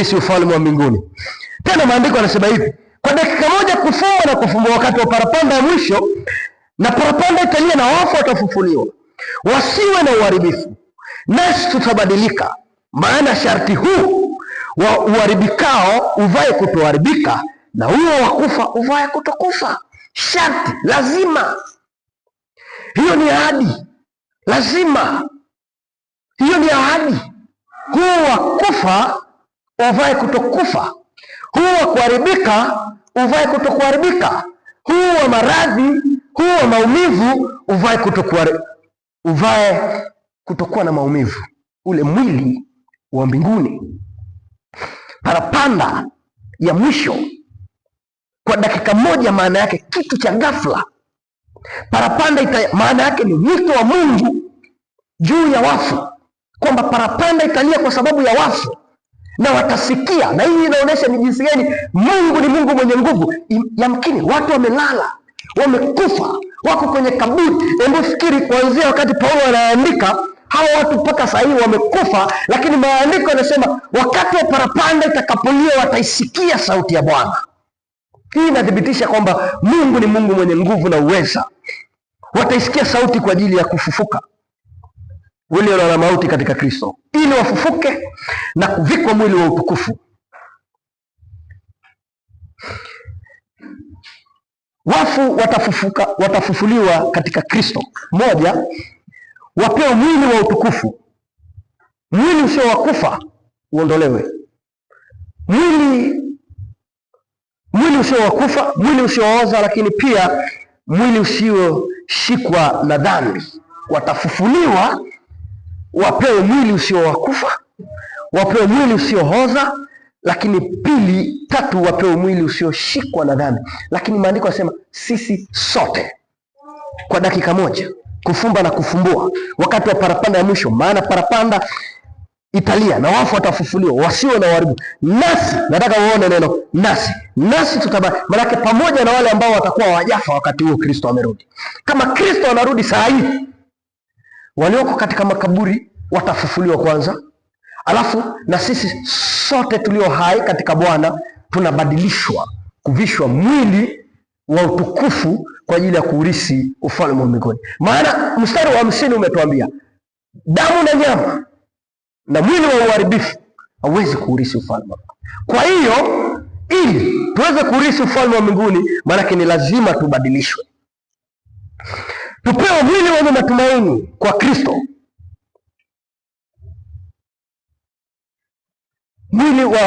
kuurithi ufalme wa mbinguni. Tena maandiko yanasema hivi, kwa dakika moja kufungwa na kufumbua, wakati wa parapanda ya mwisho, na parapanda italia na wafu watafufuliwa, wasiwe na uharibifu, nasi tutabadilika. Maana sharti huu wa uharibikao uvae kutoharibika, na huo wa kufa uvae kutokufa. Sharti lazima, hiyo ni ahadi, lazima hiyo ni ahadi. Huo wa kufa uvae kutokufa, huu wa kuharibika uvae kutokuharibika, huu wa maradhi, huu wa maumivu uvae kutokuwa, uvae kutokuwa na maumivu, ule mwili wa mbinguni. Parapanda ya mwisho kwa dakika moja, maana yake kitu cha ghafla. Parapanda ita, maana yake ni mwito wa Mungu juu ya wafu, kwamba parapanda italia kwa sababu ya wafu na watasikia, na hii inaonyesha ni jinsi gani Mungu ni Mungu mwenye nguvu. Yamkini watu wamelala, wamekufa, wako kwenye kaburi. Hebu fikiri, kuanzia wakati Paulo anaandika hawa watu mpaka saa hii wamekufa, lakini maandiko yanasema wakati wa parapanda itakapolia wataisikia sauti ya Bwana. Hii inathibitisha kwamba Mungu ni Mungu mwenye nguvu na uweza. Wataisikia sauti kwa ajili ya kufufuka waliolala na mauti katika Kristo, ili wafufuke na kuvikwa mwili wa utukufu. Wafu watafufuka, watafufuliwa katika Kristo. Moja, wapewe mwili wa utukufu, mwili usio wa kufa uondolewe, mwili mwili usio wa kufa, mwili usiooza, lakini pia mwili usioshikwa na dhambi. Watafufuliwa wapewe mwili usio wakufa wapewe mwili usiohoza, lakini pili, tatu, wapewe mwili usioshikwa na dhambi. Lakini maandiko yasema sisi sote kwa dakika moja, kufumba na kufumbua, wakati wa parapanda ya mwisho, maana parapanda italia na wafu watafufuliwa wasio na uharibu, nasi nataka uone neno nasi, nasi tutaba manake pamoja na wale ambao watakuwa wajafa wakati huo Kristo amerudi. Kama Kristo anarudi saa hii walioko katika makaburi watafufuliwa kwanza, alafu na sisi sote tulio hai katika Bwana tunabadilishwa kuvishwa mwili wa utukufu kwa ajili ya kuurisi ufalme wa mbinguni. Maana mstari wa hamsini umetuambia damu na nyama na mwili wa uharibifu hauwezi kuurisi ufalme. Kwa hiyo ili tuweze kuurisi ufalme wa mbinguni, maanake ni lazima tubadilishwe. Tupewe mwili wenye matumaini kwa Kristo, mwili wa